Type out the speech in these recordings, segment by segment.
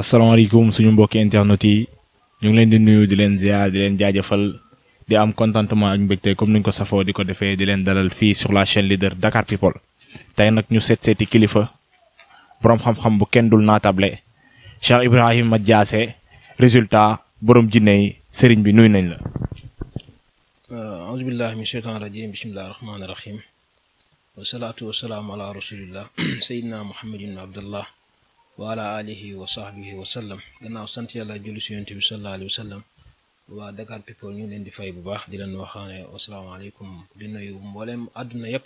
asalaamaaleykum suñu mbokki internet yi ñu ngi leen di nuyu di leen ziar di leen jaajëfal di am contentement ak mbégte comme ni ñu ko safoo di ko defee di leen dalal fii surla la chaîne leader Dakar People tey nag ñu seet seeti kilifa borom xam-xam bu kenn dul naatable Cheikh Ibrahima Diassé résultat borom jinne yi sëriñ bi nuyu nañ la. Euh, aouzubillahi min cheytaan rajim bismillahi rahmaani rahim wasalaatu wasalaamu ala rasulillah wa ala alihi wa sallam gannaaw sant yàlla julli si yonent bi sallallahu alayhi wa sallam waa Dakar People ñu leen di fay bu baax di leen waxaane asalaamaaleykum di nuyu mboolem àdduna yëpp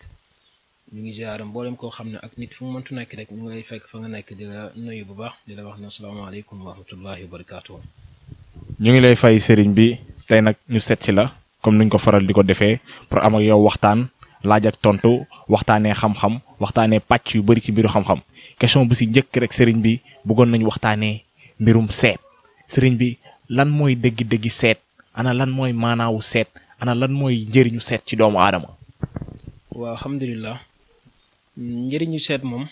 ñu ngi ziara mboolem koo xam ne ak nit fu mu mëntu nekk rek ñu ngi lay fekk fa nga nekk di la nuyu bu baax di la wax ne asalaamaaleykum wa rahmatullahi wa barakaatu. ñu ngi lay fay sëriñ bi tey nag ñu seet la comme nuñ ko faral di ko defee pour am ak yow waxtaan. laaj ak tontu waxtaanee xam-xam waxtaanee pàcc yu bari ci mbiru xam-xam question bu si njëkk rek sëriñ bi bëggoon nañu waxtaane mbirum seet sëriñ bi lan mooy dëggi-dëggi seet ana lan mooy maanaawu seet ana lan mooy njëriñu seet ci doomu aadama. waaw alhamdulilah njëriñu seet moom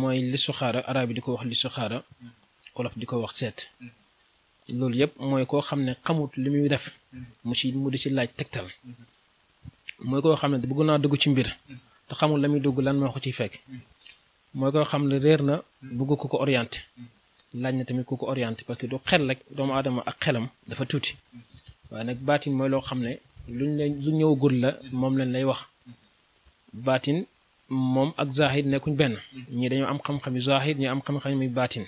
mooy li su xaara yi di ko wax li su wolof di ko wax seet loolu yëpp mooy koo xam ne xamut li muy def mu si mu di si laaj tegtal. mooy koo xam ne bëgg naa dugg ci mbir te xamul la muy dugg lan moo ko ciy fekk mooy koo xam ne réer na bëgg ku ko orienté laaj na tamit ku ko orienté parce que du xel rek doomu aadama ak xelam dafa tuuti waaye nag baatin mooy loo xam ne luñ la lu ñëwagul la moom lañ lay wax baatin moom ak zaahid nekkuñ benn ñii dañoo am xam-xami zaahid ñu am xam-xami baatin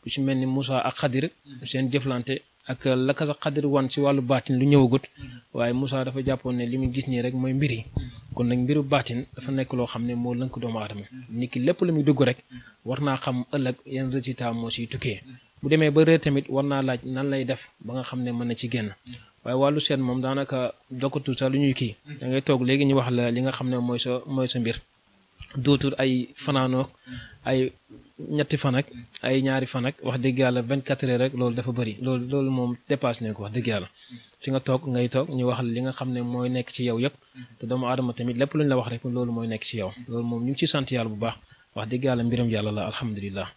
ku ci mel ni Moussa ak Xadir seen jëflante ak euh, la sa xadir wan ci wàllu baatin lu ñëwagut mm-hmm. waaye musaa dafa jàppoon ne li mu gis nii rek mooy mbir yi mm-hmm. kon nag mbiru baatin dafa nekk loo xam ne moo lënk doomu aadama mm-hmm. nit ki lépp lu muy dugg rek war naa xam ëllëg yan résultat moo siy tukkee bu demee ba réer tamit war naa laaj nan lay def ba nga xam ne mën na ci génn waaye wàllu seet moom daanaka dokkatu sax lu ñuy kii da toog léegi ñu wax la li nga xam ne mooy sa mooy sa mbir dootul ay fanaanook ay ñetti fa nag ay ñaari fan nag wax dëgg yàlla vingt quatre heures rek loolu dafa bëri loolu loolu moom dépassé nañ ko wax dëgg yàlla fi nga toog ngay toog ñu wax li nga xam ne mooy nekk ci yow yëpp te doomu aadama tamit lépp lu ñu la wax rek loolu mooy nekk ci yow loolu moom ñu ngi ci sant yàlla bu baax wax dëgg yàlla mbiram yàlla la alhamdulilah.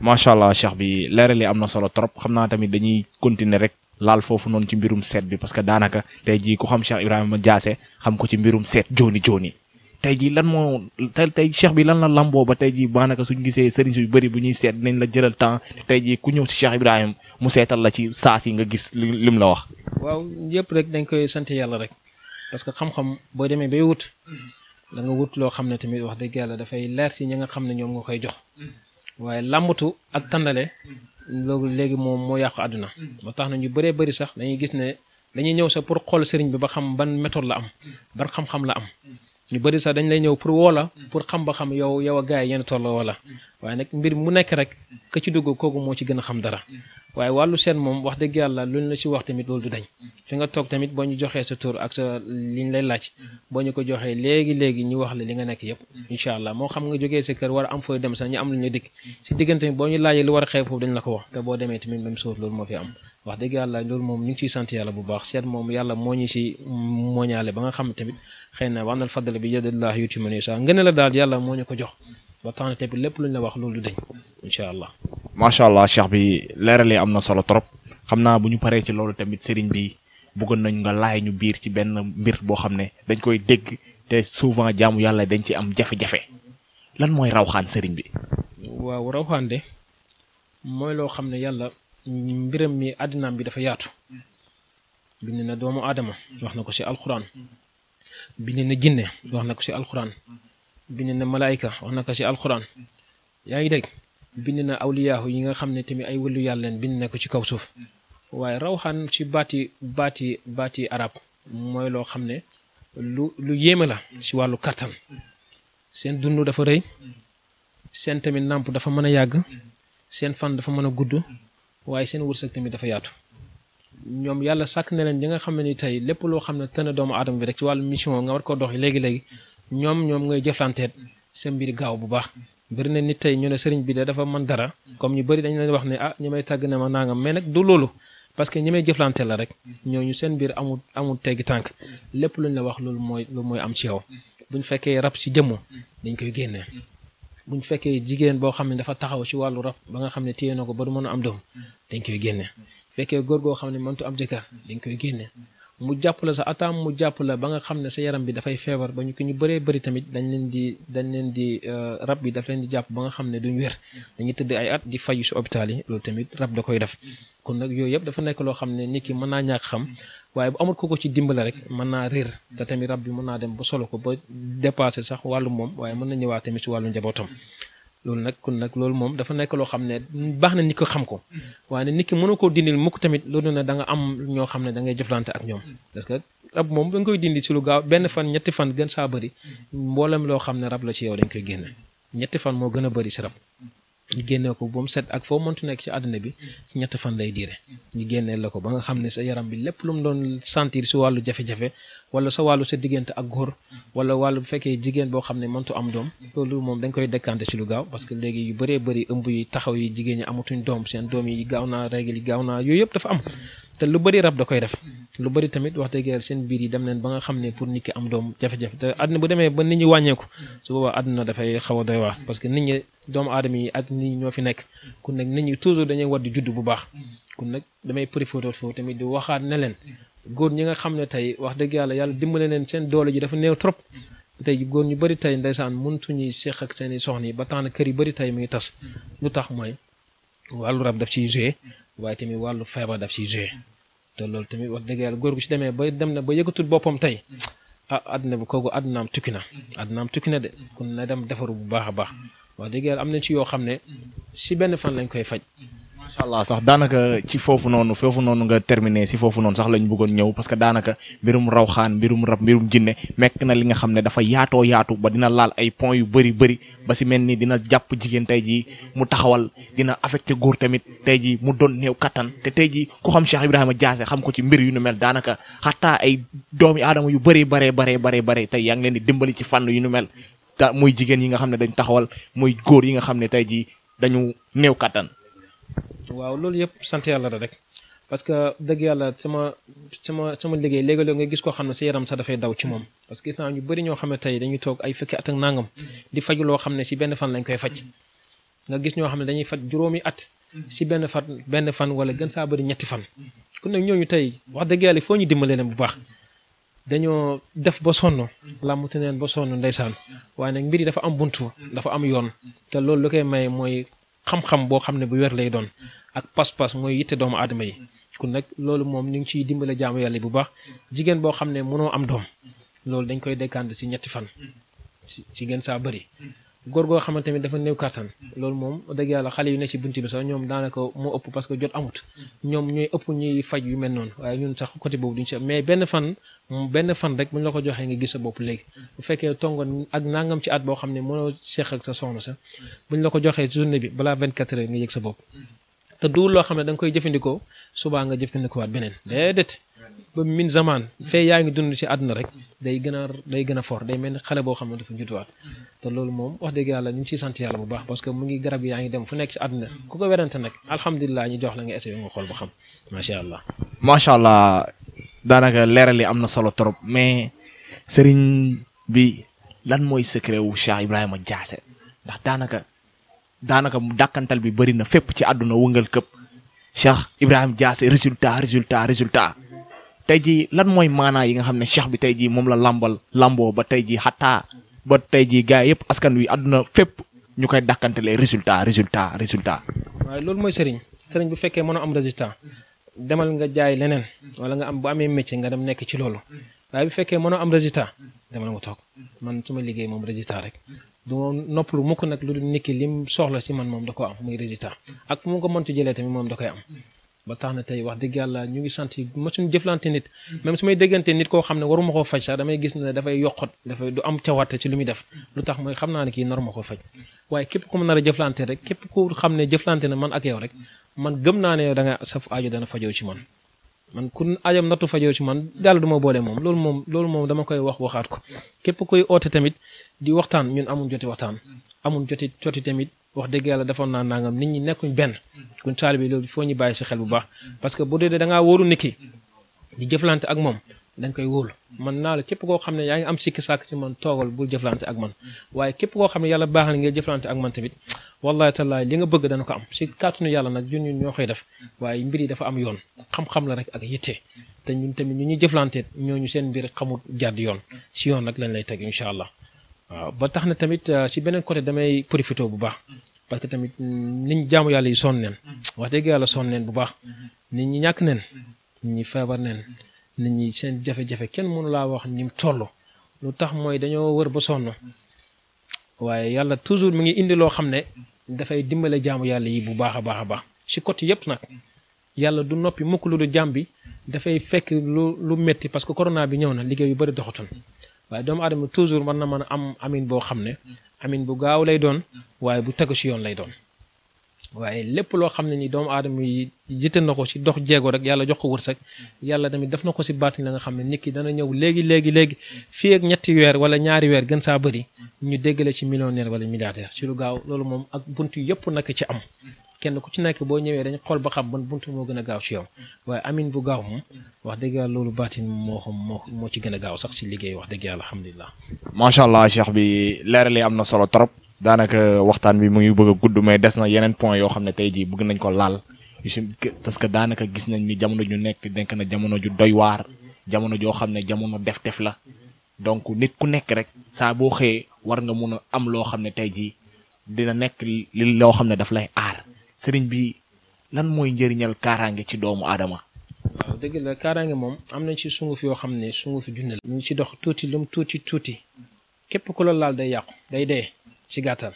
macha allah cheikh bi leeral yi am na solo trop xam naa tamit dañuy continuer rek laal foofu noonu ci mbirum seet bi parce que daanaka tey jii ku xam Cheikh Ibrahima Diassé xam ko ci mbirum seet jooni jooni tey jii lan moo tey tey cheikh bi lan la lamboo ba tey jii baanaka suñ gisee sëriñ yu bari bu ñuy seet dinañ la jëlal temps tey jii ku ñëw si Cheikh Ibrahim mu seetal la ci saas yi nga gis lim la wax. waaw yépp rek dañ koy sant yàlla rek parce que xam boo demee bay wut da nga wut loo xam ne tamit wax dëgg yàlla dafay leer si ñi nga xam ne ñoom nga koy jox waaye lambatu ak tàndale loolu léegi moom moo yàqu àdduna moo tax na ñu bëree bëri sax dañuy gis ne dañuy ñëw sax pour xool sëriñ bi ba xam ban méthode la am ban xam-xam la am ñu bëri sax dañ lay ñëw pour la pour xam ba xam yow yow a gars yi la tolloo wala waaye nag mbir mu nekk rek ka ci dugg kooku moo ci gën a xam dara waaye wàllu seen moom wax dëgg yàlla luñ la si wax tamit loolu du dañ nga toog tamit boo ñu joxee sa tur ak sa liñ lay laaj boo ñu ko joxee léegi léegi ñu wax la li nga nekk yëpp incha allah moo xam nga jógee sa kër war am fooy dem sax am lu ñu dikk si boo ñu laajee lu war a xew foofu dañ la ko wax boo demee tamit même chose loolu moo fi am wax dëgg moom ñu ngi ciy sant yàlla bu baax seet moom yàlla moo ñu si mooñaale ba nga xam tamit xëy na wa anal fadla bi yadillah yuti man yasa ngëne la daal yàlla moo ñu ko jox ba tax na lépp luñ la wax loolu dañ incha allah. macha allah cheikh bi leeralee am na solo trop xam naa bu ñu paree ci loolu tamit sëriñ bi bëggoon nañ nga laay ñu biir ci benn mbir boo xam ne dañ koy dégg te souvent jaamu yàlla dañ ci am jafe-jafe lan mooy rawxaan sëriñ bi. waaw rawxaan de mooy loo xam ne yàlla mbiram mi àddinaam bi dafa yaatu. bind na doomu aadama wax na ko ci alxuraan bind na jinne wax na ko si alxuraan bind na malaayka wax na ko si alxuraan yaa ngi dégg bind na awliyaahu yi nga xam ne tamit ay wëllu yàlla leen bind na ko ci kaw suuf waaye rawxaan ci baati baati baati arab mooy loo xam ne lu lu yéeme la ci wàllu kàttan seen dund dafa rëy seen tamit nàmp dafa mën a yàgg seen fan dafa mën a gudd waaye seen wërsëg tamit dafa yaatu ñoom yàlla sàkk na leen ñi nga xam ne ni tey lépp loo xam ne tën doomu aadama bi rek ci wàllu mission nga war koo dox léegi léegi ñoom ñoom ngay jëflanteet sa mbir gaaw bu baax. bëri na nit tey ñu ne sëriñ bi de dafa mën dara comme ñu bëri dañ leen wax ne ah ñu may tàgg ne ma nangam mais nag du loolu parce que ñi may jëflante la rek ñooñu seen mbir amul amul teggi tànk lépp lu ñu la wax loolu mooy loolu mooy am ci yow buñ fekkee rab si jëmm dañ koy génnee buñ fekkee jigéen boo xam ne dafa taxaw ci wàllu rab ba nga xam ne téye na ko ba mën a am doom dañ koy génne fekkee góor goo xam ne mëntu am jëkkër dañ koy génne mu jàpp la sa ataam mu jàpp la ba nga xam ne sa yaram bi dafay feebar ba ñu ñu bëree bëri tamit dañ leen di dañ leen di euh, rab bi daf leen di jàpp ba nga xam ne duñ wér dañuy tëdd ay at di fayu si hôpital yi loolu tamit rab da koy def kon nag yooyu yëpp dafa nekk loo xam ne nit ki mën naa ñàkk xam waaye bu amul ko ko ci dimbale rek mën naa réer te tamit rab bi mën naa dem ba solo ko ba dépassé sax wàllu moom waaye mën na ñëwaat tamit si wàllu njabootam loolu nag kon nag loolu moom dafa nekk loo xam ne baax na nit ko xam ko mm-hmm. waaye ne nit ki mënoo koo dindil mukk tamit loolu ne da nga am ñoo xam ne da ngay jëflante ak ñoom mm-hmm. parce que rab moom da koy dindi si lu gaaw benn fan ñetti fan gën saa bëri mm-hmm. mboolem loo xam ne rab la ci yow dañ koy génne ñetti fan moo gën a bëri si rab ñu génnee ko ba set ak foo mënti nekk ci àddina bi si ñett fan lay diire ñu génnee la ko ba nga xam ne sa yaram bi lépp lu mu doon sentir si wàllu jafe wala sa wàllu sa diggante ak góor wala wàllu bu fekkee jigéen boo xam ne mëntu am doom loolu moom dañ koy dékkante ci lu gaaw parce léegi yu bëree bëri ëmb yi taxaw yi jigéen ñi amatuñ doom seen doom yi gaaw naa règle yi gaaw naa yooyu yëpp dafa am te lu bëri rab da koy def lu bari tamit wax dëgg yàlla seen biir yi dem nañ ba nga xam ne pour nit ki am doom jafe-jafe te àdduna bu demee ba nit ñi wàññeeku su boobaa àdduna dafay xaw a doy waar parce que nit ñi doomu aadama yi ak nit ñi ñoo fi nekk kon nag nit ñi toujours dañuy war di judd baax kon nag damay préféré foofu tamit di waxaat ne leen góor ñi nga xam ne tey wax dëgg yàlla yàlla dimbale neen seen doole ji dafa néew trop tey góor ñu bëri tey ndeysaan mëntuñuy seq ak seen i soxna yi ba tax na kër yi bëri tey mu ngi tas lu tax mooy wàllu rab daf ciy joué waaye tamit wàllu feebar daf ciy joué te loolu tamit wax dëgg yàlla góor gu ci demee ba dem na ba yëgatul boppam tey ah àdduna bi kooku àddunaam tukki na àddunaam tukki na de kon na dem defaru bu baax a baax wax dëgg yàlla am na ci yoo xam ne si benn fan lañ koy faj macha allah sax daanaka ci foofu noonu foofu noonu nga terminé si foofu noonu sax lañ bëggoon ñëw parce que daanaka mbirum xaan mbirum rab mbirum jinne mekk na li nga xam ne dafa yaatoo yaatu ba dina laal ay point yu bëri bëri ba si mel ni dina jàpp jigéen jii mu taxawal dina affecté góor tamit tey jii mu doon néew kattan te tey jii ku xam Cheikh Ibrahima Diassé xam ko ci mbir yu nu mel daanaka xataa ay doomi aadama yu bëree baree baree baree tey yaa ngi leen di dimbali ci fànn yu nu mel da muy jigéen yi nga xam ne dañ taxawal muy góor yi nga xam ne tey dañu néew kattan waaw loolu yëpp sant yàlla la rek parce que dëgg yàlla sama sama sama liggéey léegi-léeg nga gis koo xam ne sa yaram sax dafay daw ci moom parce que gis naa ñu bëri ñoo dañuy toog ay fukki at nangam di faju loo xam ne si benn fan lañ koy faj nga gis ñoo xam ne dañuy faj juróomi at si benn fan benn fan wala gën saa bëri ñetti fan kon nag ñooñu tey wax dëgg yàlla foo ñu dimbale leen bu baax dañoo def ba sonn làmmatu neen ba sonn ndeysaan waaye nag mbir yi dafa am buntu dafa am yoon te loolu lu koy may mooy xam-xam boo xam ne bu wér lay doon ak pas-pas mooy yitte doomu aadama yi kon nag loolu moom ñu ngi ciy dimbale jaamu yàlla bu baax jigéen boo xam ne mënoo am doom loolu dañ koy dékkante si ñetti fan si si gën saa bëri góor goo xamante ne dafa néew kàttan loolu moom dëgg yàlla xale yu ne si bunti bi sax ñoom daanaka moo ëpp parce que jot amut ñoom ñooy ëpp ñuy faj yu mel noonu waaye ñun sax côté boobu duñ si mais benn fan benn fan rek bu ñu la ko joxee nga gis sa bopp léegi bu fekkee tongoon ak nangam ci at boo xam ne mënoo seex ak sa soxna sa bu ñu la ko joxee journée bi balaa 24 heures nga yëg bopp te du loo xam ne da koy jëfandikoo subaa nga jëfandikuwaat beneen déedéet ba min zaman fee yaa ngi dund si àdduna rek day gën a day gën a fort day mel ni xale boo xam ne dafa jutuwaat te loolu moom wax dëgg yàlla ñu sant yàlla bu baax parce que mu ngi garab yaa ngi dem fu nekk ci àdduna ku ko werante nag alhamdulilah ñu jox la nga essayé nga xool ba xam macha allah. macha allah daanaka leeral yi am na solo trop mais sëriñ bi lan mooy secret wu Cheikh Ibrahima Diassé daanaka. daanaka dàkkantal bi bëri na fépp ci àdduna wëngal këpp Cheikh Ibrahim Diass résultat résultat résultat tey jii lan mooy maanaa yi nga xam ne cheikh bi tey jii moom la làmbal làmboo ba tey jii xataa ba tey jii gars yëpp askan wi àdduna fépp ñu koy dàkkantalee résultat résultat résultat. waaye loolu mooy sëriñ sëriñ bu fekkee mën a am résultat demal nga jaay leneen wala nga am bu amee métier nga dem nekk ci loolu waaye bu fekkee mën a am résultat demal nga toog man ma liggéey moom résultat rek du noppalu mukk nag lu dul nikki lim soxla si man moom da ko am muy résultat ak fu mu ko mëntu jëlee tamit moom da koy am ba tax na tey wax dëgg yàlla ñu ngi sant ma suñu jëflante nit même su may déggante nit koo xam ne waruma koo faj sax damay gis ne dafay yoqot dafay du am cawarte ci lu muy def lu tax mooy xam naa ne kii nar ma koo faj waaye képp ku ma nar a jëflante rek képp ku xam ne jëflante na man ak yow rek man gëm naa ne yow da nga saf aajo dana fajoo ci man man ku ajam nattu fajoo ci man daal du ma boole moom loolu moom loolu moom dama koy wax waxaat ko képp di waxtaan ñun amuñ joti waxtaan amuñ joti joti tamit wax dëgg yàlla defoon naa nangam nit ñi nekkuñ benn kon taalibe bi loolu foo ñu bàyyi si xel bu baax parce que bu dee dangaa ngaa wóoru nit ki di jëflante ak moom da nga koy wóolu man naa la képp koo xam ne yaa ngi am sikki sàkk si man toogal bul jëflante ak man waaye képp koo xam ne yàlla baaxal nga jëflante ak man tamit wallahi tallaay li nga bëgg dana ko am si kàttanu yàlla nag ñu ñun ñoo koy def waaye mbir yi dafa am yoon xam-xam la rek ak yitte te ñun tamit ñu ñuy ñoo ñu seen mbir xamul jàdd yoon si yoon nag lañ lay teg incha allah waaw ba tax na tamit si euh, beneen côté damay profité bu baax parce que tamit nit ñi jaamu yàlla yi sonn neen wax dëgg yàlla sonn neen bu baax nit ñi ñàkk neen nit ñi feebar neen nit ñi seen jafe-jafe kenn mënu laa wax ni mu toll lu tax mooy dañoo wër ba sonn waaye yàlla toujours mu ngi indi loo xam ne dafay dimbale jaamu yàlla yi bu baax a baax a baax si côté yëpp nag yàlla du noppi mukk lu du jaam bi dafay fekk lu lu métti parce que corona bi ñëw na liggéey yu bëri doxatul waaye doomu adama toujours mën na mën a am amin boo xam ne amin bu gaaw lay doon waaye bu tegu ci yoon lay doon waaye lépp loo xam ne ni doomu aadama yi jiital na ko ci dox jéego rek yàlla jox ko wërsëg yàlla tamit def na ko ci baatin la nga xam ne nit ki dana ñëw léegi léegi léegi fii ak ñetti weer wala ñaari weer gën saa bëri ñu déggale ci millionnaire wala milliardaire ci lu gaaw loolu moom ak bunt yëpp naka ci am kenn ku ci nekk boo ñëwee dañ xool ba xam ban buntu moo gën a gaaw ci yow waaye amin bu gaaw moom wax dëgg yàlla loolu baatin moo xam moo moo ci gën a gaaw sax si liggéey wax dëgg yàlla alhamdulilah. macha allah cheikh bi leeral yi am na solo trop daanaka waxtaan bi mu ngi bëgg a gudd may des na yeneen point yoo xam ne tey jii bëgg nañ ko laal parce que daanaka gis nañ ni jamono ju nekk denk na jamono ju doy waar jamono joo xam ne jamono def-def la donc nit ku nekk rek saa boo xëyee war nga mun a am loo xam ne tey jii dina nekk loo xam ne daf lay sëriñ bi lan mooy njëriñal kaaraange ci doomu aadama. waaw dëgg la kaaraange moom am na ci sunguf yoo xam ne sunguf junne la. ñu ci dox tuuti lum tuuti tuuti képp ku la laal day yàqu day dee ci gàttal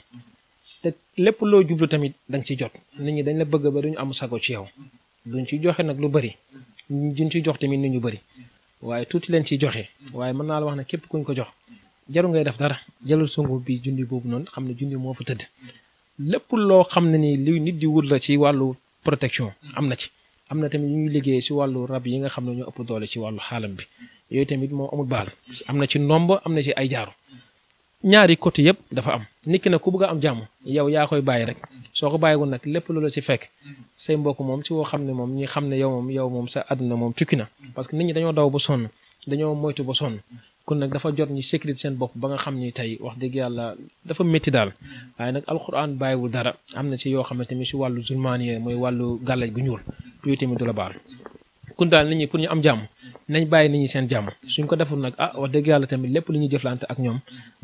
te lépp loo jublu tamit danga ci jot nit ñi dañ la bëgg ba duñu am sago ci yow duñ ci joxe nag lu bëri duñ ci jox tamit nit ñu bëri waaye tuuti leen ciy joxe waaye mën naa la wax ne képp kuñ ko jox jaru ngay def dara jëlal sunguf bi junni boobu noonu xam ne junni moo fa tëdd lépp loo xam ne ni li nit di wut la ci wàllu protection am na ci am na tamit ñu ñuy liggéey si wàllu rab yi nga xam ne ñoo ëpp doole ci wàllu xaalam bi yooyu tamit moom amul baal am na ci ndomb am na ci ay jaaru ñaari côté yëpp dafa am nit ki ku bëgg am jàmm yow yaa koy bàyyi rek soo ko bàyyiwul nag lépp loola ci fekk say mbokk moom si woo xam ne moom ñi xam ne yow moom yow moom sa àdduna moom tukki na parce que nit ñi dañoo daw ba sonn dañoo moytu ba sonn kon nag dafa jot ñu sécurité seen bopp ba nga xam ni tey wax dëgg yàlla dafa métti daal waaye nag alxuraan bàyyiwul dara am na si yoo xamante ni si wàllu zulmaaniye mooy wàllu gàllaj gu ñuul tuuti tamit du la baal kon daal nit ñi ñu am jàmm nañ bàyyi nit ñi seen jàmm suñ ko deful nag ah wax dëgg yàlla tamit lépp lu ñuy jëflante ak ñoom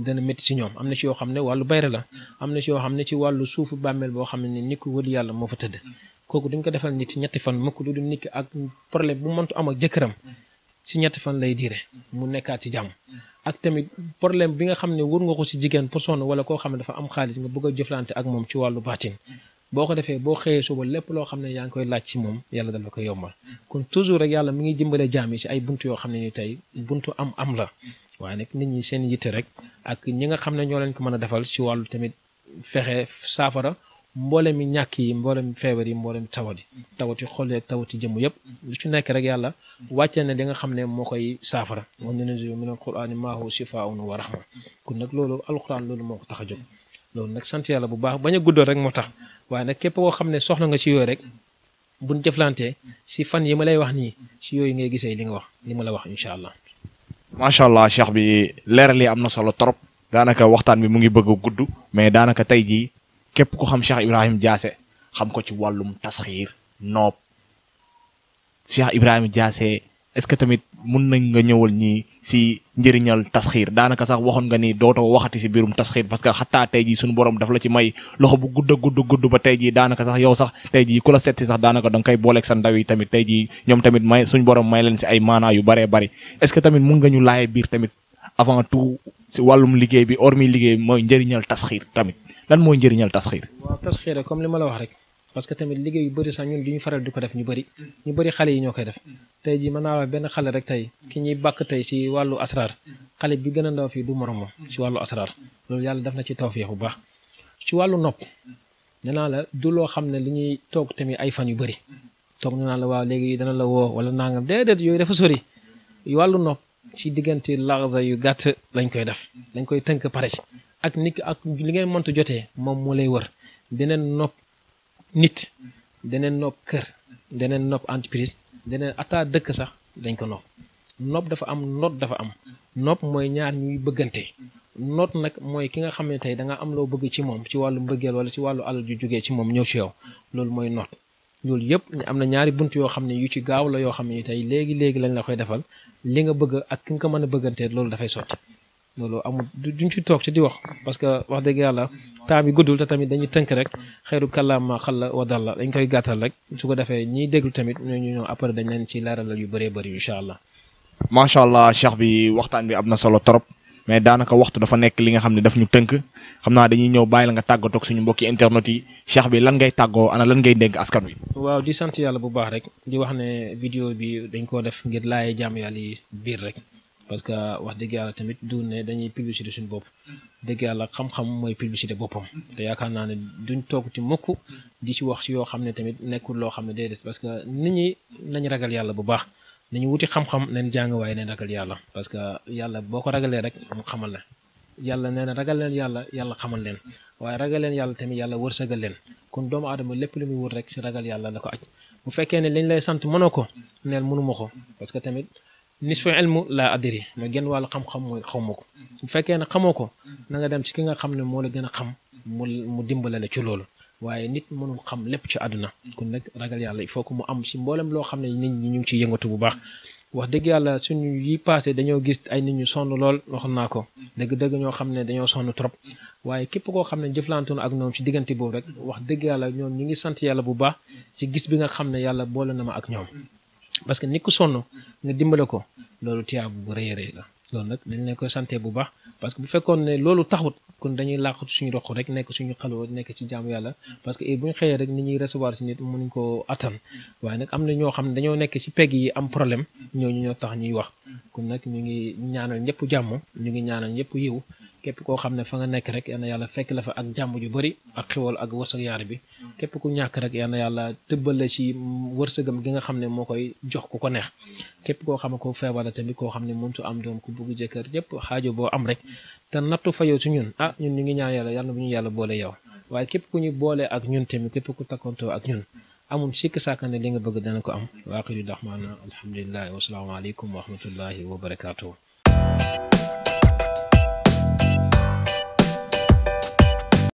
dana métti si ñoom am na si yoo xam ne wàllu bayre la am na si yoo xam ne ci wàllu suuf bàmmeel boo xam ne ni ko wëli yàlla moo fa tëdd kooku duñ ko defal nit ñetti fan mukk lu dul nit ki ak problème bu mëntu am ak jëkkëram ci ñetti fan lay diire mu nekkaat ci jàmm ak tamit problème bi nga xam ne wër nga ko ci jigéen pour sonn wala koo xam ne dafa am xaalis nga bëgg a jëflante ak moom ci wàllu baatin boo ko defee boo xëyee suba lépp loo xam ne yaa ngi koy laaj ci moom yàlla dal ko koy yombal kon toujours rek yàlla mu ngi jëmbale jaam yi ci ay buntu yoo xam ne ni tey buntu am am la waaye nag nit ñi seen yitte rek ak ñi nga xam ne ñoo leen ko mën a defal ci wàllu tamit fexe mboolem mi ñàkk yi mboolem feebar yi mboolem tawat yi tawati xol yeeg tawati jëmm yëpp lu ci nekk rek yàlla wàcce ne di nga xam ne moo koy saafara wa nunazzilu min alqur'ani ma huwa shifaa'un wa rahma kon nag loolu alquran loolu moo ko tax a jóg loolu nag sant yàlla bu baax bañ a guddoo rek moo tax waaye nag képp koo xam ne soxla nga ci yooyu rek buñ jëflantee si fan yi ma lay wax nii si yooyu ngay gisee li nga wax li ma la wax incha allah macha allah cheikh bi leeral li am na solo trop daanaka waxtaan bi mu ngi bëgg a gudd mais daanaka tey jii képp ku xam Cheikh Ibrahim Diassé xam ko ci wàllum tasxiir noob Cheikh Ibrahim Diassé est-ce que tamit mun nañ nga ñëwal ñii si njëriñal tasxiir daanaka sax waxoon nga ni dootoo waxati si biirum tasxiir parce que xattaa tey jii suñu borom daf la ci may loxo bu gudd a gudd gudd ba tey jii daanaka sax yow sax tey jii ku la seet sax daanaka danga koy booleeg sa ndaw yi tamit tey jii ñoom tamit may suñ borom may leen si ay maanaa yu baree bari est-ce tamit mun nga ñu laaye biir tamit avant tout liggéey bi hormis liggéey mooy njëriñal tasxiir tamit lan mooy njëriñal tasxiir. waaw tasxiir comme li ma la wax rek parce que tamit liggéey yu bëri sax ñun du ñu faral di ko def ñu bari ñu bëri xale yi ñoo koy def tey jii mën naa wax benn xale rek tey ki ñuy bàkk tey si wàllu asraar xale bi gën a ndaw fii du morom moom si wàllu asraar loolu yàlla def na ci taw tawfeex bu baax ci wàllu nopp nee naa la du loo xam ne li ñuy toog tamit ay fan yu bëri toog nee naa la waaw léegi dana la woo wala nangam déedéet yooyu dafa sori wàllu nopp ci diggante laxza yu gàtt lañ koy def dañ koy tënk pare ak ni ak li ngeen mënta jotee moom moo lay wër deneen nopp nit deneen nopp kër deneen nopp entreprise deneen ataa dëkk sax dañ ko nopp nopp dafa am noot dafa am nopp mooy ñaar ñuy bëggante noot nag mooy ki nga xam ne tey da am loo bëgg ci moom ci wàllu mbëggeel wala ci wàllu alal ju jógee ci moom ñëw ci yow loolu mooy noot loolu yëpp am na ñaari bunt yoo xam ne yu ci gaaw la yoo xam ne tey léegi léegi lañ la koy defal li nga bëgg ak ki nga ko mën a bëggantee loolu dafay sotti loolu amul duñ ci toog ci di wax parce que wax dëgg yàlla temps bi guddul te tamit dañuy tënk rek xeeru kàllaama xalla wa dañ koy gàttal rek su ko defee ñi déglu tamit ñooñu ñoo après dañ leen ci leeralal yu bëree bëri incha allah. macha allah cheikh bi waxtaan bi am na solo trop mais daanaka waxtu dafa nekk li nga xam ne daf ñu tënk xam naa dañuy ñëw bàyyi la nga tàggatoo ak suñu mbokki internet yi cheikh bi lan ngay tàggoo ana lan ngay dégg askan wi. waaw di sant yàlla bu baax rek di wax ne vidéo bi dañ ko def ngir laajee jàmm yàlla yi parce que wax dëgg yàlla tamit du ne dañuy publicité suñu bopp dëgg yàlla xam-xam mooy publicité boppam te yaakaar naa ne duñ toog ci mukk di ci wax ci yoo xam ne tamit nekkul loo xam ne day des parce que nit ñi nañ ragal yàlla bu baax nañu wuti xam-xam nañ jàng waaye neen ragal yàlla parce que yàlla boo ko ragalee rek mu xamal la yàlla nee na ragal leen yàlla yàlla xamal leen waaye ragal leen yàlla tamit yàlla wërsëgal leen kon doomu aadama lépp li muy wut rek ci ragal yàlla la ko aj bu fekkee ne liñ lay sant mënoo ko neel mënuma ko parce nisfu ilmu laa adiri ma genn wàllu xam-xam mooy xaw ma ko bu fekkee ne xamoo ko na nga dem si ki nga xam ne moo la gën a xam mu mu dimbale la ci loolu waaye nit mënul xam lépp ci àdduna kon nag ragal yàlla il faut mu am si mboolem loo xam ne nit ñi ñu ngi ciy yëngatu bu baax wax dëgg yàlla suñu yi passé dañoo gis ay nit ñu sonn lool waxoon naa ko dëgg-dëgg ñoo xam ne dañoo sonn trop waaye képp koo xam ne jëflante na ak ñoom ci diggante boobu rek wax dëgg yàlla ñoom ñu ngi sant yàlla bu baax si gis bi nga xam ne yàlla boole na ak ñoom parce que nit ku sonn nga dimbale ko loolu tiyaabu bu rëy a rëy la loolu nag dañ leen koy santé bu baax parce que bu fekkoon ne loolu taxut kon dañuy làqatu suñu roq rek nekk suñu xaloo nekk ci jàmm yàlla parce que bu ñu xëyee rek ni ñuy recevoir ci nit mënuñ ko attan waaye nag am na ñoo xam ne dañoo nekk si pegg yi am problème ñooñu ñoo tax ñuy wax kon nag ñu ngi ñaanal ñëpp jàmm ñu ngi ñaanal ñëpp yiw képp koo xam ne fa nga nekk rek yal na yàlla fekk la fa ak jàmm ju bëri ak xéwal ak wasak yaar bi képp ku ñàkk rek yal na yàlla tëbbal la ci wërsëgam gi nga xam ne moo koy jox ku ko neex képp koo xam ne ko feebar la tamit koo xam ne mëntu am doom ku bugg jëkkër yëpp xaajo boo am rek te nattu fa yow ci ñun ah ñun ñu ngi ñaan yàlla yal na bu ñu yàlla boole yow waaye képp ku ñu boole ak ñun tamit képp ku takkoontoo ak ñun amul sikk sàkkane li nga bëgg dana ko am waaqidu daxmaana alhamdulilahi wasalaamualeykum wa rahmatullahi wa barakaatu.